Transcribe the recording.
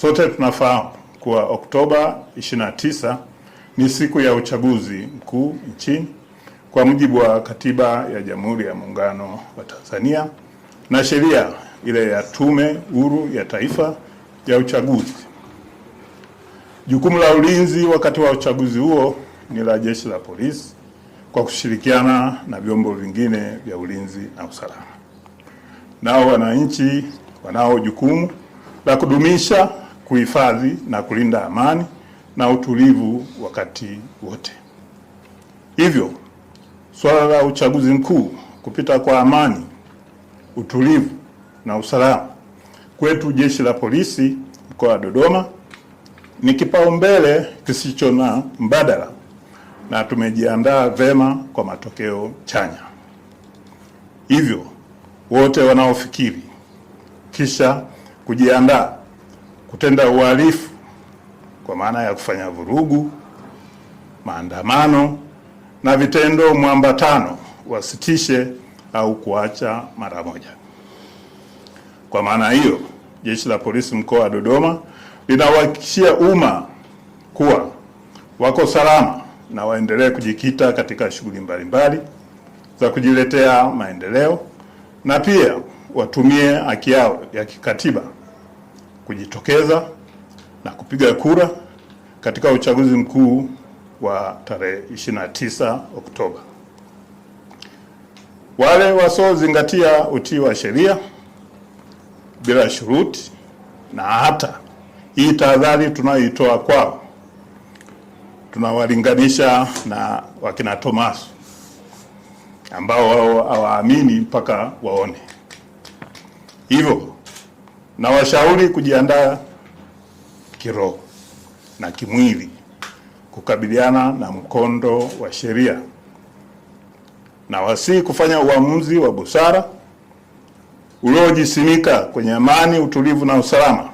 Sote tunafahamu kuwa Oktoba 29 ni siku ya uchaguzi mkuu nchini kwa mujibu wa katiba ya Jamhuri ya Muungano wa Tanzania na sheria ile ya Tume Huru ya Taifa ya Uchaguzi. Jukumu la ulinzi wakati wa uchaguzi huo ni la Jeshi la Polisi kwa kushirikiana na vyombo vingine vya ulinzi na usalama. Nao wananchi wanao jukumu la kudumisha kuhifadhi na kulinda amani na utulivu wakati wote. Hivyo, suala la uchaguzi mkuu kupita kwa amani, utulivu na usalama kwetu Jeshi la Polisi mkoa wa Dodoma ni kipaumbele kisicho na mbadala na tumejiandaa vema kwa matokeo chanya. Hivyo, wote wanaofikiri kisha kujiandaa kutenda uhalifu kwa maana ya kufanya vurugu, maandamano na vitendo mwambatano wasitishe au kuacha mara moja. Kwa maana hiyo, Jeshi la Polisi mkoa wa Dodoma linawahakikishia umma kuwa wako salama na waendelee kujikita katika shughuli mbalimbali za kujiletea maendeleo na pia watumie haki yao ya kikatiba kujitokeza na kupiga kura katika uchaguzi mkuu wa tarehe 29 Oktoba. Wale wasiozingatia utii wa sheria bila shuruti na hata hii tahadhari tunayoitoa kwao, tunawalinganisha na wakina Tomaso ambao wao hawaamini mpaka waone hivyo na washauri kujiandaa kiroho na kimwili kukabiliana na mkondo wa sheria na wasii kufanya uamuzi wa busara uliojisimika kwenye amani, utulivu na usalama